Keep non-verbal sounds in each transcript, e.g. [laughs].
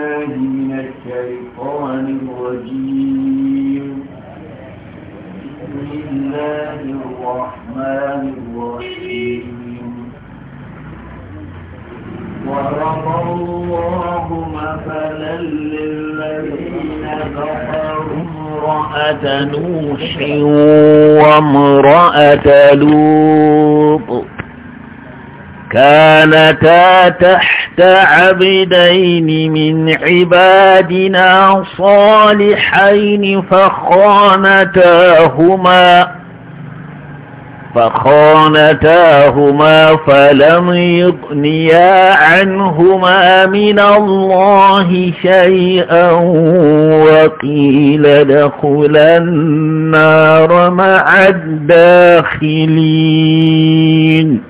بالله من الشيطان الرجيم بسم الله الرحمن الرحيم ورضى الله مثلا للذين كفروا امرأة نوح وامرأة لوط كانتا تحت عبدين من عبادنا صالحين فخانتاهما فخانتاهما فلم يغنيا عنهما من الله شيئا وقيل دخل النار مع الداخلين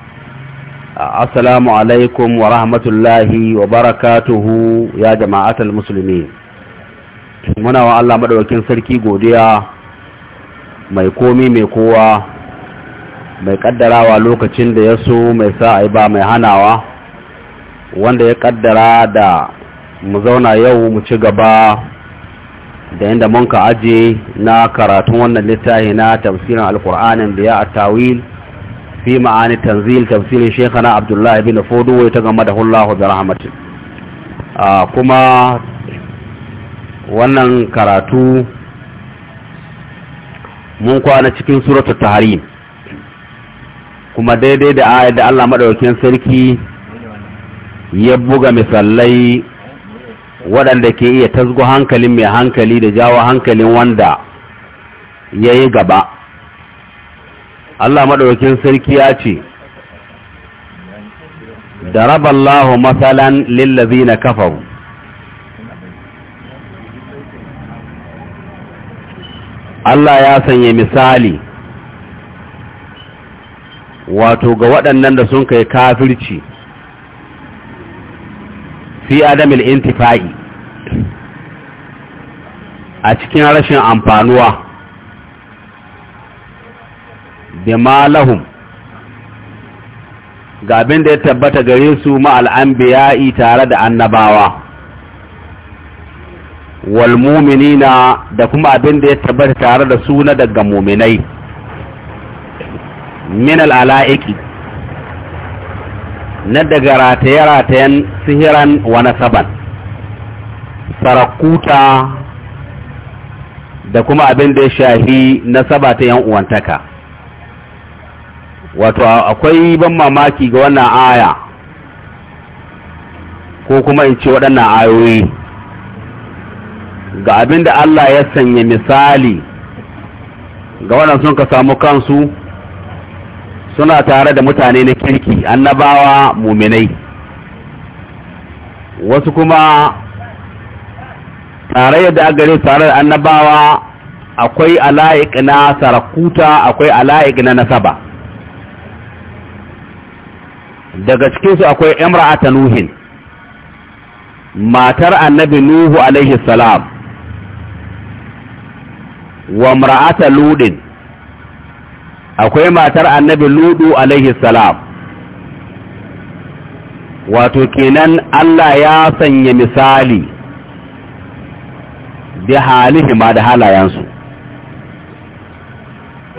alaikum wa rahmatullahi wa وبركاته ya جماعة musulmi. muna wa Allah maɗaukin sarki godiya mai komi mai kowa mai ƙaddarawa lokacin da ya so mai sa ba mai hanawa wanda ya ƙaddara da mu zauna yau mu ci gaba da inda mun ka aje na karatun wannan littafi na tafsirin alkur'anin da ya a tawil في معاني تنزيل تفسير شيخنا عبد الله بن فودو ويتغمده الله برحمته كما wannan karatu mun kwana cikin suratul tahrim kuma daidai da ayat da Allah madaukakin sarki ya buga misallai waɗanda ke iya tasgo hankalin mai hankali da jawo hankalin wanda yayi gaba Allah maɗaukin sarki ya ce daraba Allah masalan na kafaru Allah ya sanya misali wato ga waɗannan da sun kai kafirci fi adamil intifa'i a cikin rashin amfanuwa bima lahum ga abin da ya tabbata gare su ma'al anbiya'i tare da annabawa wal mu'minina da kuma abin da ya tabbata tare da suna na daga mu'minai min al'ala'iki na daga rataye-ratayen sihiran wa nasaban sarakuta da kuma abin da ya shafi nasaba ta yan uwantaka wato akwai ban mamaki ga wannan aya ko kuma in ce waɗannan ayoyi ga abin da Allah ya sanya misali ga wannan sun ka samu kansu suna tare da mutane na kirki annabawa muminai wasu kuma tare da agare tare da annabawa akwai ala'iƙ na sarakuta akwai ala'iƙ na nasaba daga cikinsu akwai ta nuhin matar annabi nuhu alaihi salam wa ludin akwai matar annabi ludu alaihi salam wato kenan Allah ya sanya misali bi halihima da halayensu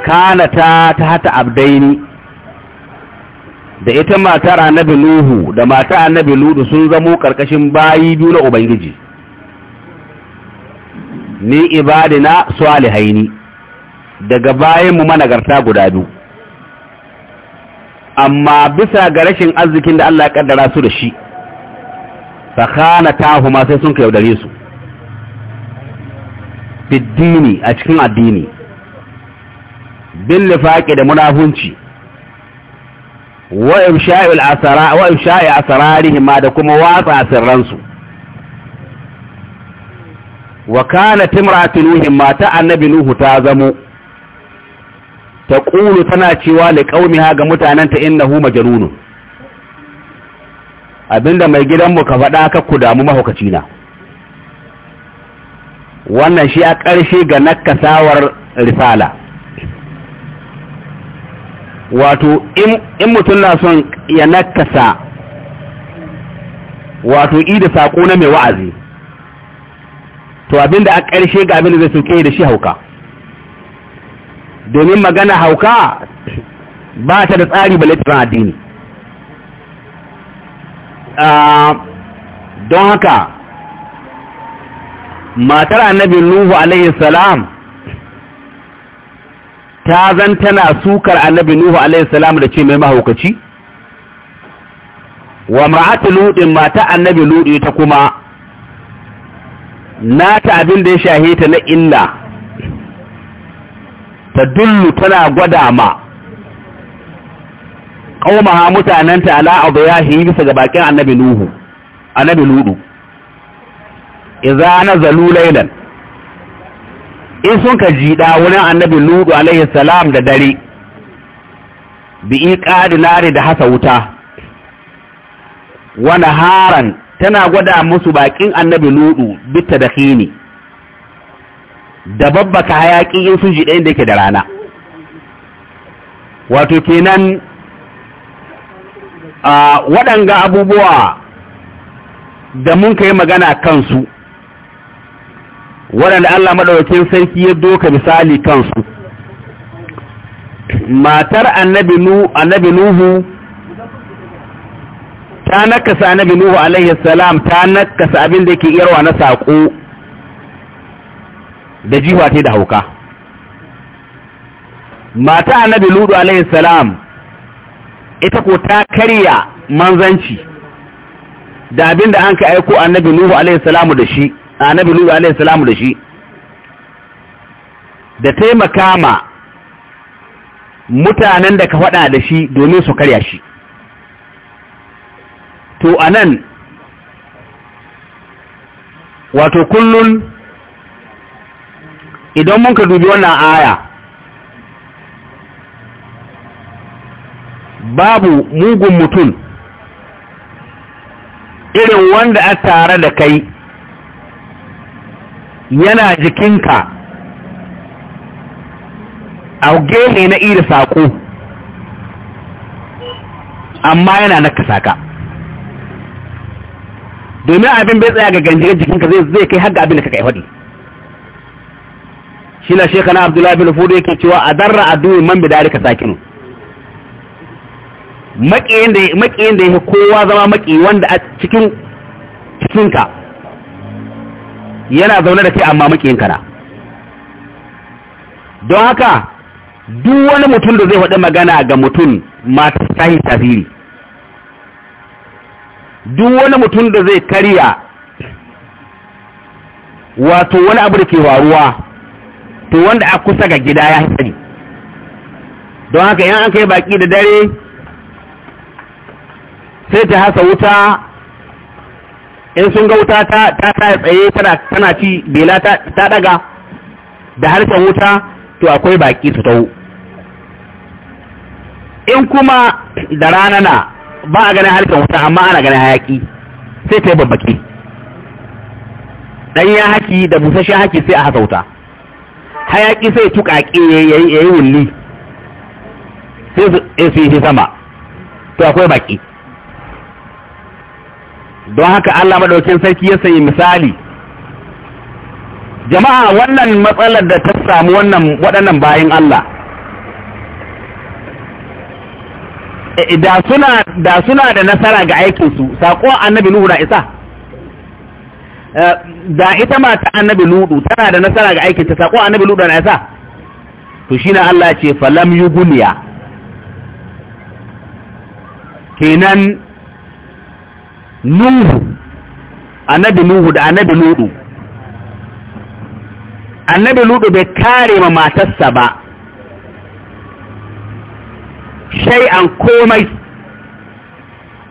kanata ta hata abdaini da ita matar annabi Nuhu da matar annabi Ludu sun zamo karkashin bayi biyu na Ubangiji ni ibadina salihaini daga bayan mu managarta guda biyu amma bisa ga rashin arzikin da Allah ya kaddara su da shi fakana tahuma sai sun ka yaudare su fiddini a cikin addini bin lifaƙi da munafunci wa sha'i asara wa ma da kuma watsa sirransu wa kana timratu nuhin mata annabi nuhu ta zamo ta taqulu tana cewa li ha ga mutananta innahu majnunun abinda mai gidanmu ka faɗa ka ku damu mahaukaci na wannan shi a ƙarshe ga nakasawar risala wato in mutum na son ya nakasa wato i da saƙo na mai wa'azi to abinda a ƙarshe ga abinda zai soke da shi hauka domin magana hauka ba ta da tsari ba laifin addini don haka matar annabi nuhu alaihi salam ta zan tana sukar annabi Nuhu alaihi salam da ce mai mahaukaci wa mar'atu ludin mata annabi ludi ta kuma Na ta abin da ya shahe ta na illa ta dullu tana gwada ma qaumaha mutananta ala abayahi bisa ga bakin annabi Nuhu annabi ludu idza nazalu laylan in sun ka jiɗa wurin annabi ludu alaihi salam da dare bi iqadi nari da hasa wuta wani haran tana gwada musu bakin annabi ludu bitta da khini da babbaka hayaƙi in sun jiɗa da yake da rana wato kenan a waɗanga abubuwa da mun kai magana kansu waɗanda Allah maɗaukin sarki ya doka misali kansu matar annabi nuhu ta nakasa annabi nuhu alaihi salam ta nakasa abin da ke iyarwa na saƙo da jiwa ta da hauka mata annabi ludu alaihi salam ita ko ta karya manzanci da abin da an ka aiko annabi nuhu alaihi salamu da shi annabi lulu alayhi salamu da shi da taimaka ma mutanen da ka faɗa da shi domin su karya shi to anan wato kullun idan mun ka dubi wannan aya babu mugun mutum irin wanda a tare da kai yana jikinka a gehe na iri saƙo, amma yana nakasa ka domin abin bai tsaya ga ganjirar jikinka zai kai haɗa abin da kaka ihwadi shi na shekana abdullahi bin fudu yake cewa a darra a duwin man bidari ka sakinu maƙiyin da ya kowa zama maƙi wanda a cikin cikinka yana zaune da kai amma makiyin kana don haka duk wani mutum da zai faɗi magana ga mutum mata sahi tasiri duk wani mutum da zai karya wato wani abu da ke faruwa to wanda a kusa ga gida ya hatsari don haka yan an kai baki da dare sai ta hasa wuta in sun ga wuta ta ta tsaye tana ci bela ta daga da harshen wuta to akwai baki su ta'u. in kuma da rana na ba a ganin harshen wuta amma ana ganin hayaki sai ta yi babbaki dan ya haki da busasshen haki sai a haka wuta hayaki sai tuƙaƙe ya yi wulli sai su sama to akwai baki don haka Allah madaukin sarki ya sayi misali jama'a wannan matsalar da ta samu wannan waɗannan bayan Allah e, e, da suna da suna da nasara ga aikinsu saƙon annabi Nuhu da isa e, da ita mata annabi Nuhu tana da nasara ga aikinta saƙon annabi nuhu da isa to shi ne Allah ce falam yugunya kenan nuhu annabi nuhu da annabi ludu annabi ludu bai kare ma matarsa ba shai an komai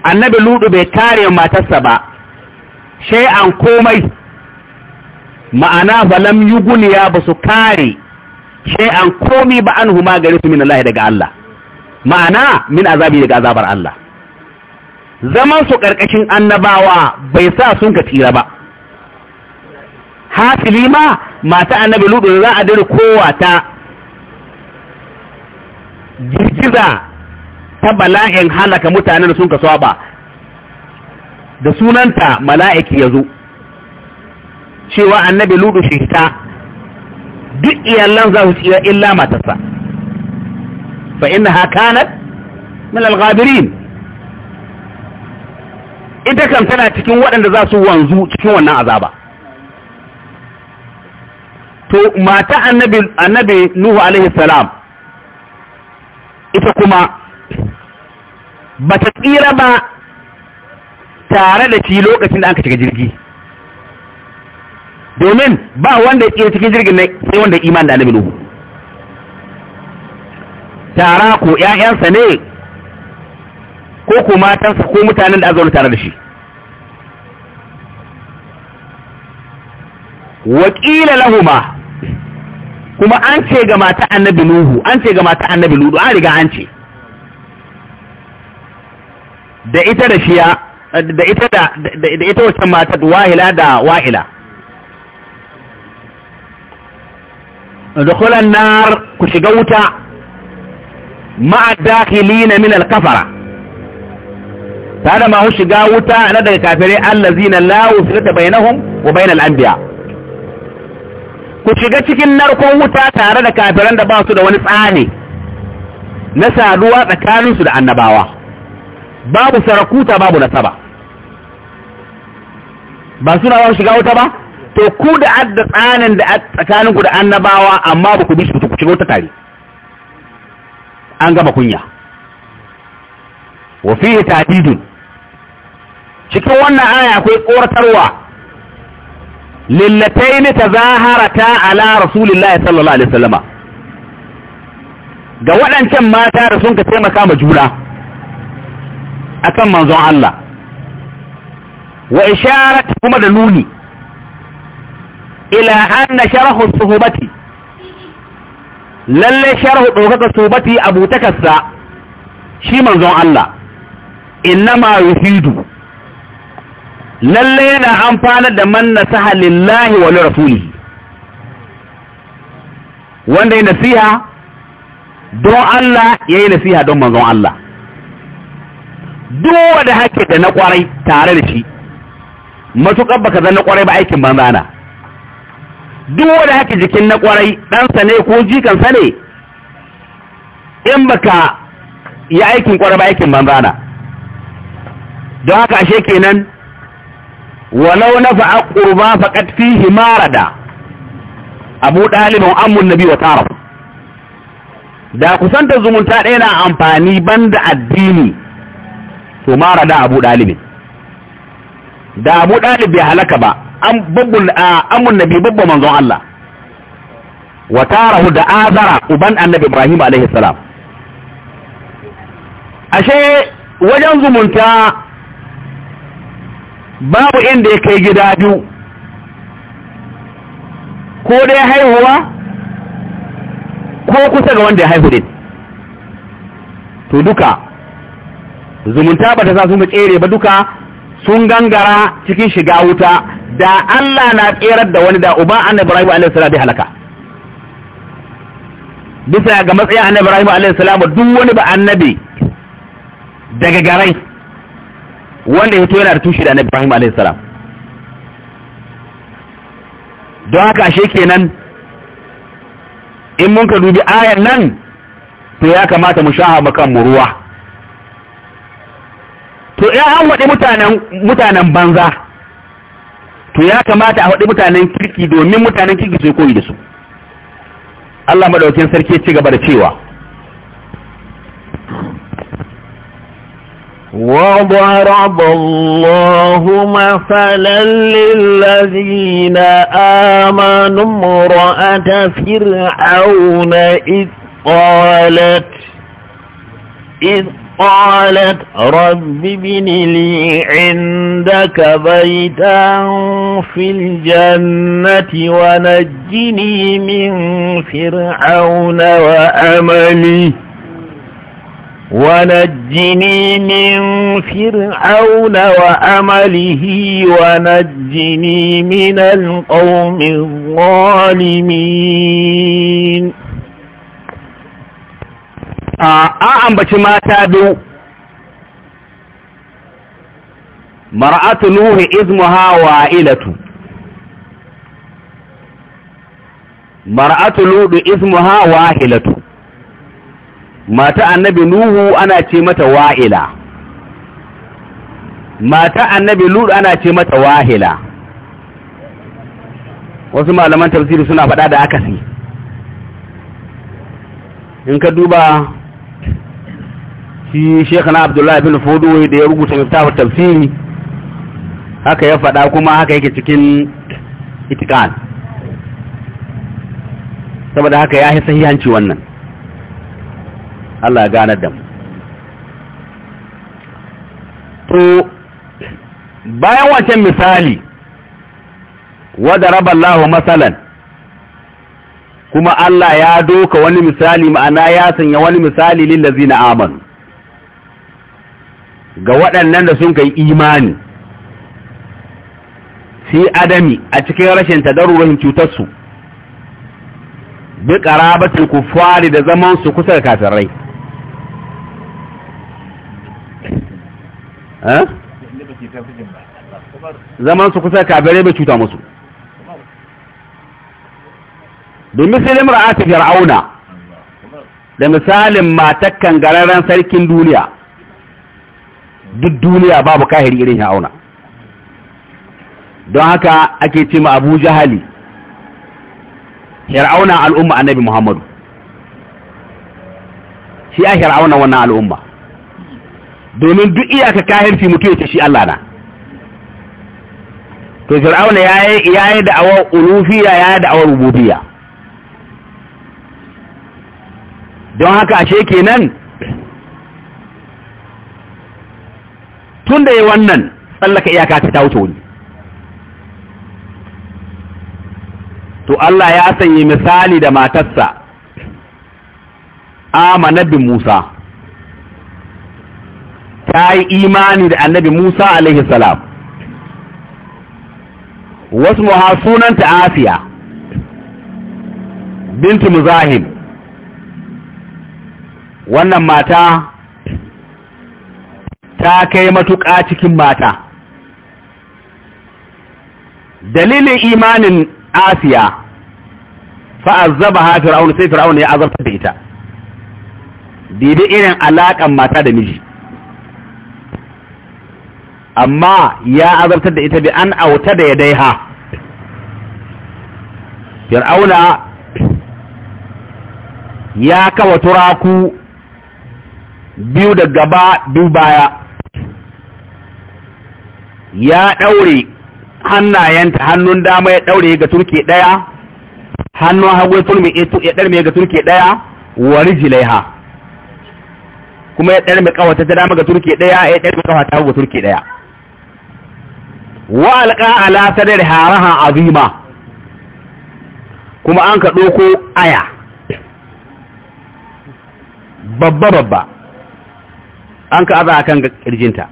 annabi ludu bai kare ma matarsa ba shai an komai ma'ana falam yuguniya ba su kare shai an komi ba an huma gare su min Allah daga Allah ma'ana min azabi daga azabar Allah zaman su ƙarƙashin annabawa bai sa sun ka tsira ba hasili ma mata annabi ludu za a dare kowa ta girgiza ta bala'in halaka mutanen da sun ka saba da sunanta mala'iki ya zo cewa annabi ludu shi ta duk iyalan za su tsira illa matasa. fa inna hakanat min al-ghabirin ita kan tana cikin waɗanda za su wanzu cikin wannan azaba to mata annabi annabi nuhu alaihi salam ita kuma ba ta tsira ba tare da shi lokacin da aka shiga jirgi domin ba wanda ya cikin jirgin na sai wanda iman da annabi nuhu tara ko ƴaƴansa ne ko ko matansa ko mutanen da azalu tare da shi wakila lahuma kuma an ce ga mata annabi nuhu an ce ga mata annabi ludu an riga an ce da ita da shiya da ita da da ita wacce mata wahila da wa'ila dukhulan nar ku shiga wuta ma'a na min al-kafara ta da mahu shiga wuta na daga kafirai allazina la wusilata bainahum wa bainal anbiya ku shiga cikin narkon wuta tare da kafiran da ba su da wani tsani na saduwa tsakaninsu da annabawa babu sarakuta babu nasaba ba suna ba shiga wuta ba to ku da adda tsanin da tsakanin da annabawa amma ba ku bi shi ku shiga wuta tare an gama kunya wa fihi tadidun cikin wannan aya akwai tsoratarwa lillataini tazaharata ala rasulillahi sallallahu alaihi wasallama ga waɗancan mata da sun ka taimaka ma juna akan manzon Allah wa isharat kuma da nuni ila anna sharhu suhbati lalle sharhu dokaka Suhubati, abu takarsa shi manzon Allah innama yufidu lalle yana amfana da man nasaha lillahi wa rasulihi wanda ya nasiha don Allah ya yi nasiha don manzon Allah duk wanda hake da na kwarai tare da shi matuƙar baka zan na kwarai ba aikin banza na duk wanda hake jikin na kwarai ɗansa ne ko jikansa ne in baka yi aikin kwarai ba aikin banza na don haka ashe kenan walau na fa'a ƙurba faƙat fihi marada abu ɗalibin amun nabi wa taraf da kusanta zumunta ɗaya na amfani banda addini to da abu ɗalibin da abu ɗalib bai halaka ba amun nabi babban manzon Allah wa tarahu da azara uban annabi Ibrahim alaihi salam ashe wajen zumunta babu inda ya kai gida biyu ko ya haihuwa ko kusa ga wanda ya haihu din to duka zumunta ba ta sa sun tsere ba duka sun gangara cikin shiga wuta da Allah na tserar da wani da uba annabi Ibrahim alaihi salatu bai halaka bisa ga matsayin annabi Ibrahim alaihi salam duk wani ba annabi daga garai wanda ya yana da tushe da annabi Ibrahim alaihi salam don haka ashe kenan in mun ka dubi ayar nan to ya kamata mu sha makan mu ruwa to ya an waɗi mutanen banza to ya kamata a waɗi mutanen kirki domin mutanen kirki sai koyi da su Allah madaukin sarki ci gaba da cewa وضرب الله مثلا للذين آمنوا امرأة فرعون إذ قالت إذ قالت رب ابن لي عندك بيتا في الجنة ونجني من فرعون وأملي ونجني من فرعون وعمله ونجني من القوم الظالمين a ambaci mata biyu mar'atu nuhi izmuha wa'ilatu mar'atu ludu izmuha mata annabi nuhu ana ce mata wa'ila mata annabi lut ana ce mata wahila wasu malaman tafsiri suna faɗa da akasi in ka duba shi shekana abdullahi bin fodowai da ya rubuta littafin tafsiri haka ya faɗa kuma haka yake cikin itikan saboda haka ya yi sahihanci wannan Allah ganar da mu to bayan wancan misali wadda raba Allah matsalan kuma Allah ya doka wani misali ma'ana ya sanya wani misali lillazi na amanu ga waɗannan da sun kai imani fi adami a cikin rashin tadarurin cutarsu bi ƙarabatin kufari da zamansu kusa da kasarai. zaman su kusa kabirai bai cuta musu domin sai limar ati fir'auna da misalin matakan gararren sarkin duniya duk duniya babu kahiri irin fir'auna don haka ake ce ma abu jahali fir'auna al'umma annabi muhammadu shi a fir'auna wannan al'umma domin duk iyaka kahirci ya ce shi Allah na to fir'auna yayi yayi da awa ulufiya yayi da awa rububiyya don haka ashe kenan tun da ya wannan tsallaka iyaka ta wuce wuni. to Allah ya sanya misali da matarsa Amanabin Musa ta yi imani da annabi Musa alaihi salam wasu sunanta Asiya bintu Muzahim wannan mata ta kai matuƙa cikin mata dalilin imanin Asiya fa'azzaba ha fir'aun sai fir'aun ya azabta da ita daidai irin alaƙan mata da miji amma ya azabtar da ita bi an auta da ya daiha fir'auna ya kawa turaku biyu da gaba biyu baya ya ɗaure hannayenta hannun dama ya ɗaure ga turke ɗaya hannun hagu ya ɗarme ga turke ɗaya wa rijilaiha kuma ya ɗarme kawata ta dama ga turke ɗaya ya ɗarme hagu ga turke ɗaya wa alqa ala sadri haraha azima kuma an ka doko aya babba babba an ka aza kan kirjinta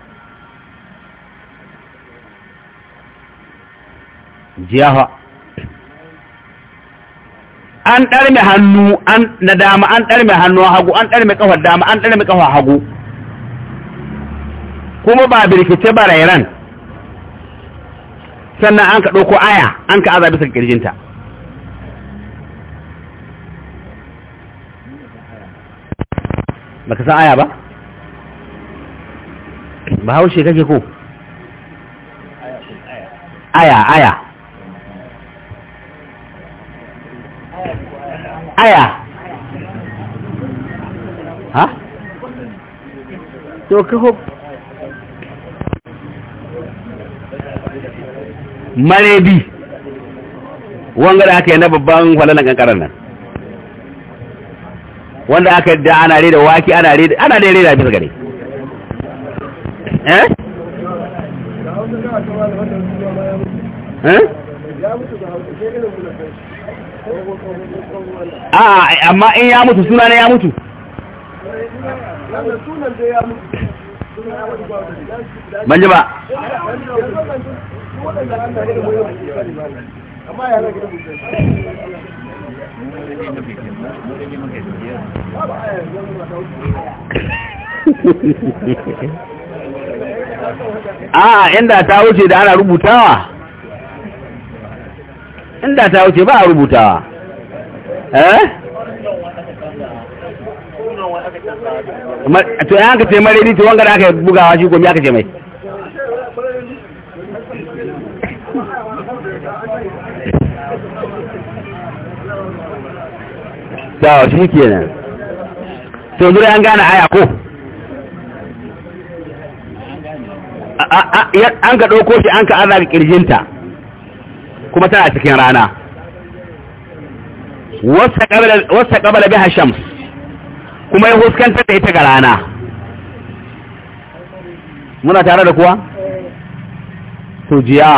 jiyawa an ɗarme hannu an na dama an ɗarme hannu hagu an ɗarme ƙafar dama an ɗarme ƙafar hagu kuma ba birkice ba sannan an ka ɗauko aya an ka azabi ƙirjinta. Ba baka san aya ba ba haushe kake ko aya aya aya ha to kako marebi wanga da aka yi na babban halalan kankarar nan wanda aka da ana reda waki ana reda ana da reda bisa gare eh eh amma in ya mutu suna ne ya mutu manjaba [laughs] a inda ta wuce da ana rubutawa inda ta wuce ba a rubutawa eh to yanka ce mariri to wanga da aka bugawa shi gomi aka ce mai dawa shi kenan to yanzu an gane aya ko an ka ɗauko shi an ka aza ga ƙirjinta kuma tana cikin rana wasa ƙabala biha shams kuma ya huskanta da ita ga rana muna tare da kuwa? tujiya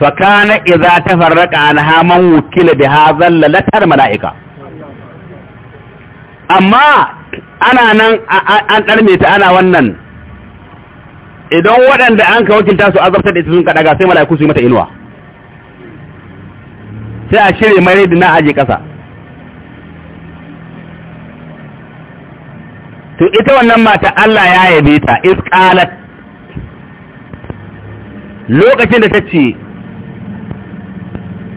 fakana iza ta farraka an haman wukila biha zallalatar mala'ika amma ana nan an ɗarme ta ana wannan idan waɗanda an ka wakilta su azabtar da ita sun kaɗaga sai mala'iku su yi mata inuwa sai a shirya mai da na aji ƙasa to ita wannan mata Allah ya yabe ta isqalat lokacin da ta ce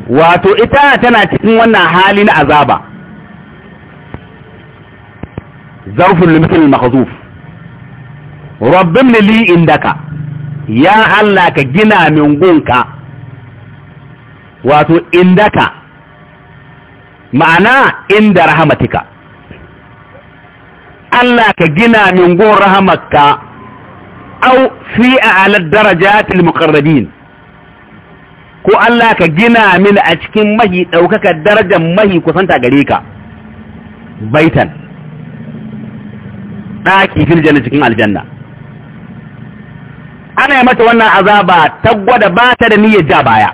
wato ita tana cikin wannan hali na azaba zarfin limitin mahzuf rabbin li indaka ya Allah ka gina min gunka wato indaka ma'ana inda rahamatika Allah ka gina min gun rahamarka au fi a'la darajatil ko Allah ka gina min a cikin mahi ɗaukaka darajar mahi kusanta gare ka baitan ɗaki fil janna cikin aljanna ana yi mata wannan azaba ta gwada ba ta da niyyar ja baya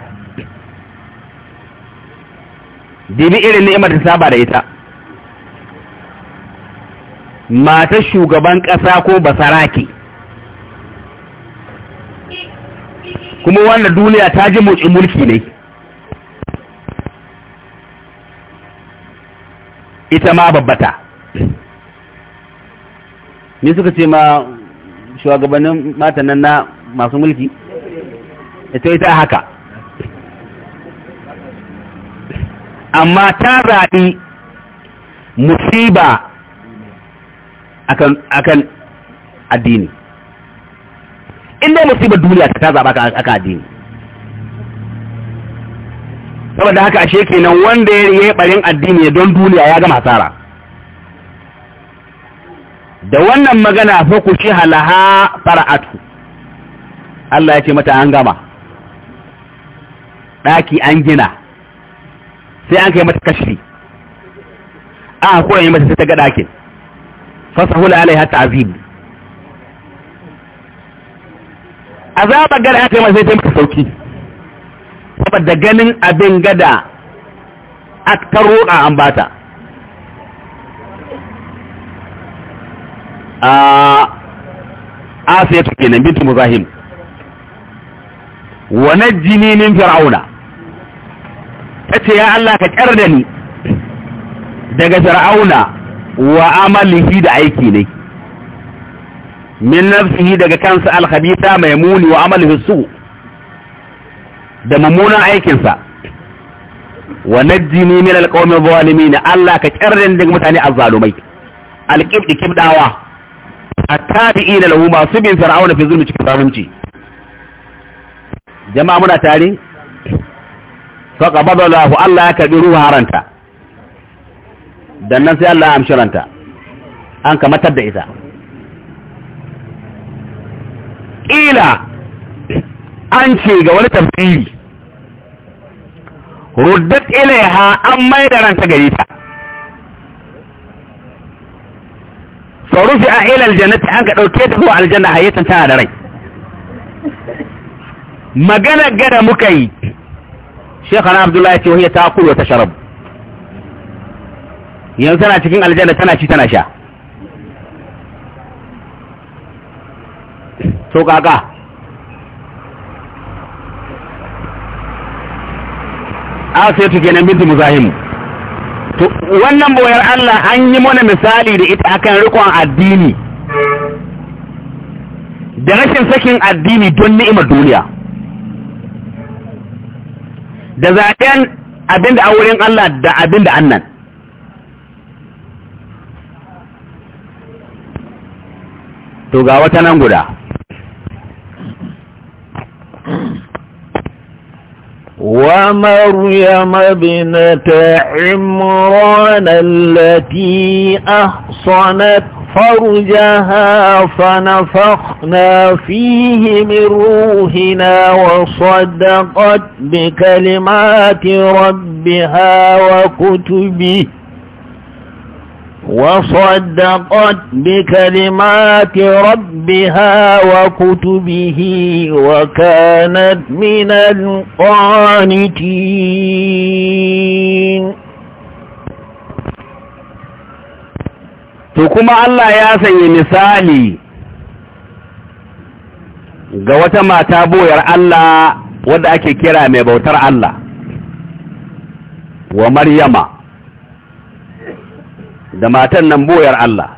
dibi irin ni'imar ta saba da ita matar shugaban ƙasa ko basaraki kuma wannan duniya ta ji motsin mulki ne ita ma babbata Ni suka ce ma shugabannin matan nan na masu mulki ita e, ita haka amma ta zaɓi musiba akan addini inda musibar duniya ta zaɓa akan addini saboda haka ashe kenan wanda ya yi ɓarin addini don duniya ya gama tsara da wannan magana fa ku shi halaha fara'atu Allah ya ce mata an gama ɗaki an gina sai an kai mata kashi, a kowa yi mata sai ta ga ɗakin fasahula alaiha ta'zim azaba gada ya kai mata sai ta mata sauki saboda ganin abin gada a ta an bata a asiya ta kenan bintu muzahim wa najjini min fir'auna tace ya Allah ka kyar da ni daga fir'auna wa amalihi da aiki ne min nafsihi daga kansa al-khabitha maymuni wa amalihi su da mummunan aikinsa wa najjini min al-qawmi adh-dhalimin Allah ka kyar da ni daga mutane azzalumai al kibd kibdawa attabi'ina lahu masu bin fir'auna fi zulmi cikin zalunci jama'a muna tare fa qabada lahu Allah ya karbi ruwa haranta dan nan sai Allah ya amshiranta an kamatar da ita ila an ce ga wani tafsiri ruddat ilaiha an mai da ranta gare ta fa a ilal jannati an ka ɗauke ta zuwa aljanna hayyatan tana da rai magana gada muka yi shekara abdullahi ce wahiyar ta kuro ta sharab yanzu tana cikin aljanna tana ci tana sha so kaka a sai tuke nan bintu muzahimu to wannan boyar Allah an yi mana misali da ita akan rikon addini da rashin sakin addini don ni'imar duniya da zaɓen abinda a wurin Allah da abinda annan to ga wata nan guda ومريم ابنة عمران التي أحصنت فرجها فنفخنا فيه من روحنا وصدقت بكلمات ربها وكتبه وصدقت بكلمات ربها وكتبه وكانت من القانتين to kuma Allah ya sanya misali ga wata mata boyar Allah wadda ake kira mai bautar Allah wa Maryama da matan nan boyar Allah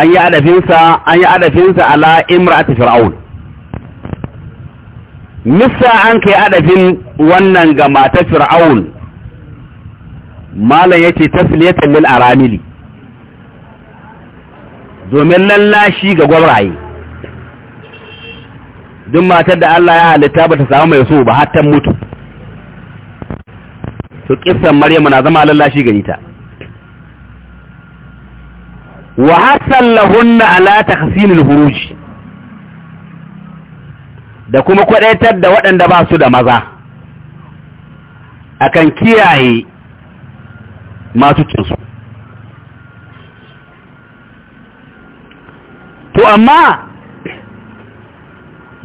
an yi adafinsa an yi adafinsa ala imratu fir'aun misa an kai adafin wannan ga matan fir'aun malam yace tasliyatan lil aramili domin lallashi ga gwaraye duk matar da Allah ya halitta bata samu mai so ba har ta mutu to kissan maryamu na zama lallashi gari ta wa hasan lahunna ala takhsinil huruji da kuma kwadaitar da waɗanda ba su da maza akan kiyaye masu cinsu to amma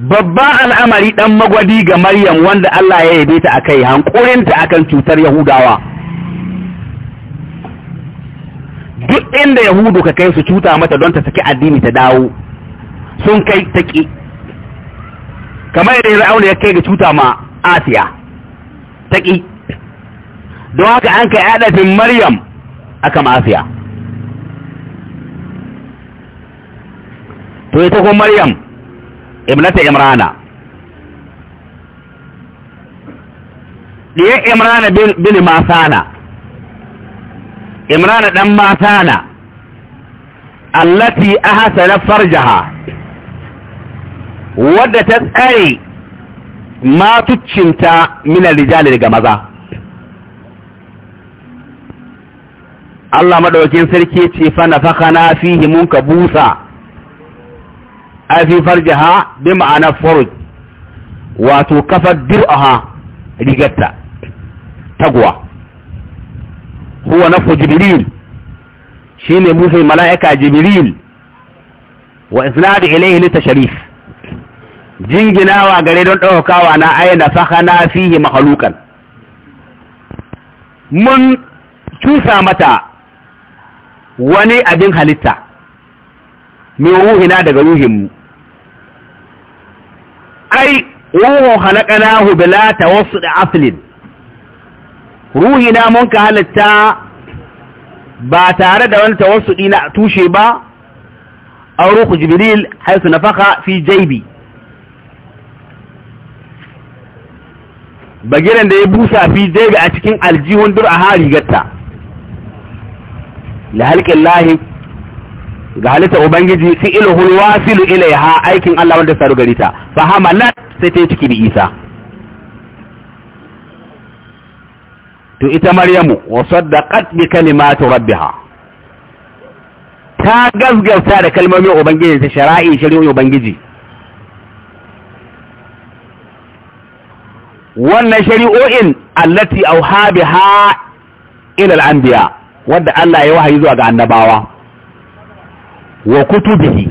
babban al'amari ɗan magwadi ga Maryam wanda Allah ya yabe ta akai hankurinta akan cutar Yahudawa duk inda Yahudu ka kai su cuta mata don ta saki addini ta dawo sun kai taki kamar yadda Fir'auna ya kai ga cuta ma Asiya taki don haka an kai adadin Maryam ma Asiya to ita ko Maryam ibnata imrana ɗiyar imrana bin masana imrana ɗan masana allati ahasana farjaha wadda ta tsare matuccinta minar rijali daga maza Allah maɗaukin sarki ce fa na faka na mun ka busa ai farjaha bi ma'ana faruj wato kafar dir'aha rigarta tagwa huwa nafu jibril shine musa mala'ika jibril wa isnad ilayhi li tashrif jinginawa gare don daukawa na ayyana fakana fihi makhluqan mun cusa mata wani abin halitta mai ruhina daga ruhinmu ai ruhun hubila bila wasu da ruhi ruhina mun ka halitta ba tare da wani tawassuɗi na tushe ba a ruhu jibril haisu na faka fi jaibi bagiran da ya busa fi jaibi a cikin aljihun dur a harigarta la halƙin lahi ga halitta ubangiji fi ilhul wasilu ilaiha aikin Allah wanda saru gari ta fa hamalat sai ta ciki bi Isa to ita Maryamu wa saddaqat bi kalimati rabbiha ta gasgasta da kalmomin ubangiji ta shari'i shari'o'in ubangiji wannan shari'o'in allati auha biha ila al-anbiya wadda Allah ya wahayi zuwa ga annabawa وكتبه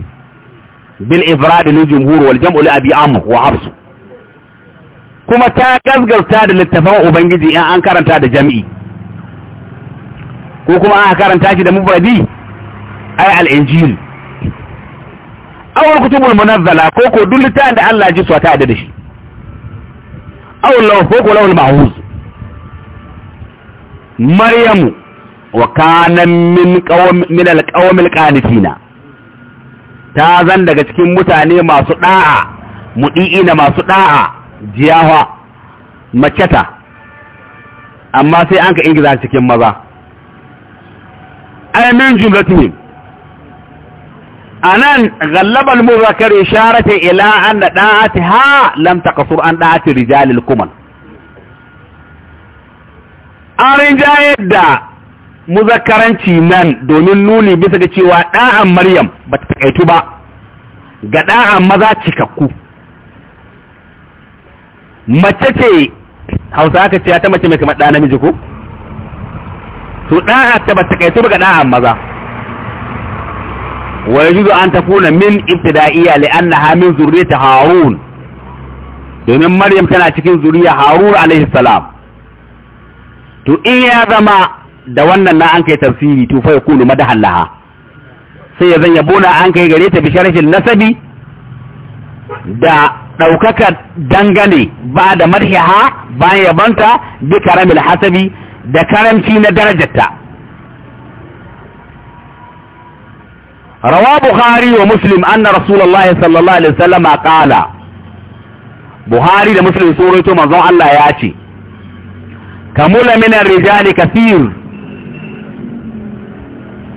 بالإبراد للجمهور والجمع لأبي عمرو وحفص kuma ta gasgasta da littafan Ubangiji in an karanta da jami'i ko kuma an karanta shi da mubradi ay al-injil aw al-kutubul munazzala ko ko duk littafin da Allah ji su ta da shi aw law ko ko law al-mahfuz maryamu wa kana min qawm min al-qawm al-qanitina ta zan daga cikin mutane masu da'a na masu ɗa'a, jiyawa maceta amma sai an ka ingiza cikin maza Ai min jumlatihim anan ghallaba al-muzakkar isharatan ila anna da'atiha lam taqsur an da'ati rijalil kuman. an rinjayar da muzakaranci nan domin nuni bisa ga cewa ɗa'an maryam ba ta takaitu ba ga ɗa'an maza cikakku mace ce hausa aka ce ta mace mai kamar ɗa namiji ko to ɗa'a ta ba takaitu ba ga ɗa'an maza wani jizo an tafuna min ibtida'iyya li annaha min zurriyyati harun domin maryam tana cikin zuriya harun alaihi salam to in ya zama da wannan na an kai tafsiri to fa yakunu madahan laha sai ya zanya yabo an kai gare ta bi sharhin nasabi da daukaka dangane ba da marhiha bayan yabanta bi karamil hasabi da karamci na darajarta روى بخاري ومسلم أن رسول الله صلى الله عليه وسلم قال بخاري ومسلم سورة منظوم الله ياتي كمل من الرجال كثير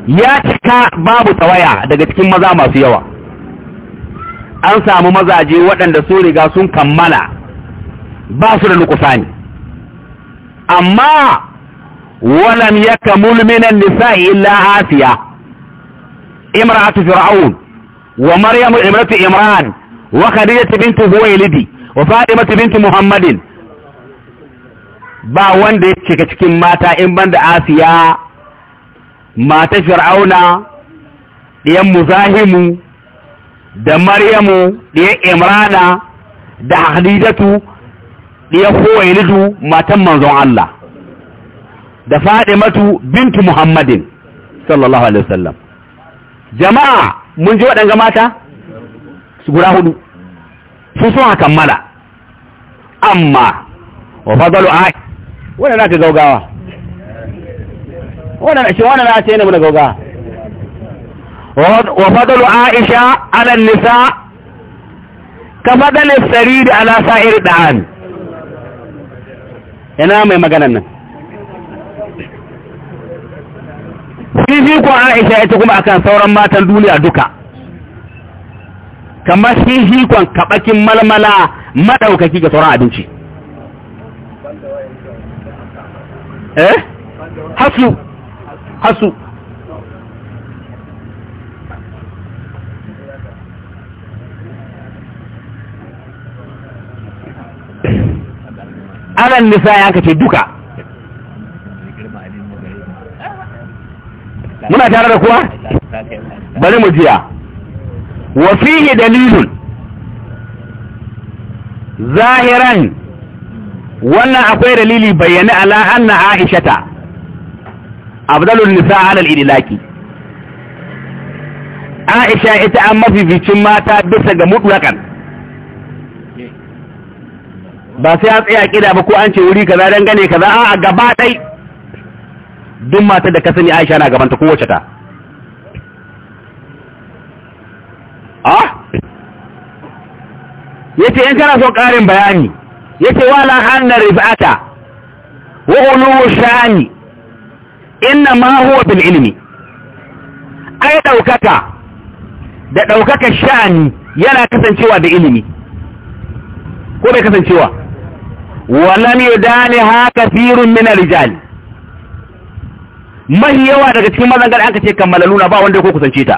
ya cika babu tawaya daga cikin maza masu yawa an samu mazaje waɗanda sun riga sun kammala ba su da nukusa nukusani amma walam kamul mulminan nisa illa asiya Imratu fir'aun wa maryamu imratu imran wa khadijatu bintu huwaylidi wa fatimatu bintu muhammadin ba wanda ya cika cikin mata in banda asiya mata fir'auna ɗiyan muzahimu da maryamu ɗiyan imrana da hadidatu ɗiyan huwailidu matan manzon Allah da fadimatu bintu muhammadin sallallahu alaihi wasallam jama'a mun ji waɗanga mata su guda hudu su sun kammala amma wa fadalu ai wanda ka gaugawa wannan shi wannan na ce ne muna gauga wa fadalu aisha ala nisa ka fadalin sariri ala sa'ir da'an yana mai maganan nan fifiko aisha ita kuma akan sauran matan duniya duka kamar fifikon kaɓakin malmala maɗaukaki ga sauran abinci eh hasu hasu aran nisa ya kace duka muna tare da kuwa bari mu jiya wa fihi dalilun zahiran wannan akwai dalili bayyana ala anna aishata abdalul nisa alal idlaki Aisha ita an mafificin mata bisa ga mutlakan ba sai a tsaya kida ba ko an ce wuri kaza dan gane kaza a gaba dai duk mata da ka sani Aisha na gabanta kowace ta ah yace in kana so karin bayani yace wala anna rifata wa ulu shani inna ma huwa bil ilmi ai daukaka da daukaka sha'ani yana kasancewa da ilimi ko bai kasancewa walam yudani ha kafirun min rijal mai yawa daga cikin mazan an ka ce kammalaluna ba wanda ko kusance ta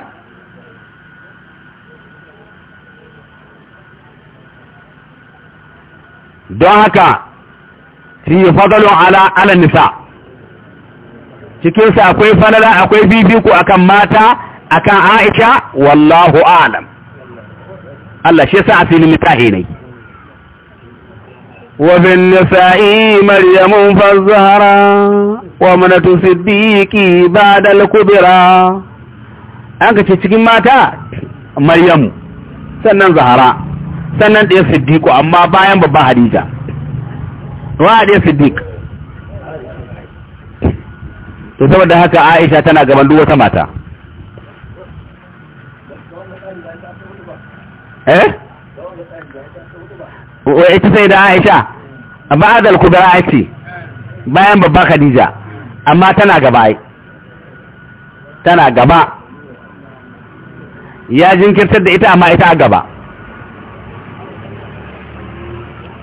don haka fi fadalu ala ala nisa' cikinsu akwai falala akwai bibiku akan mata akan aisha wallahu alam Allah shi sa asilin littahi ne وفي wa manatu siddiqi ba'da al kubra an ka ce cikin mata Maryam sannan zahara sannan ɗaya siddiqu amma bayan babba hadija wa da siddiq to saboda haka Aisha tana gaban duk wata mata eh wa ita sai da Aisha amma adal kubra ce bayan babba Khadija amma tana gaba ai tana gaba ya jinkirtar da ita amma ita a gaba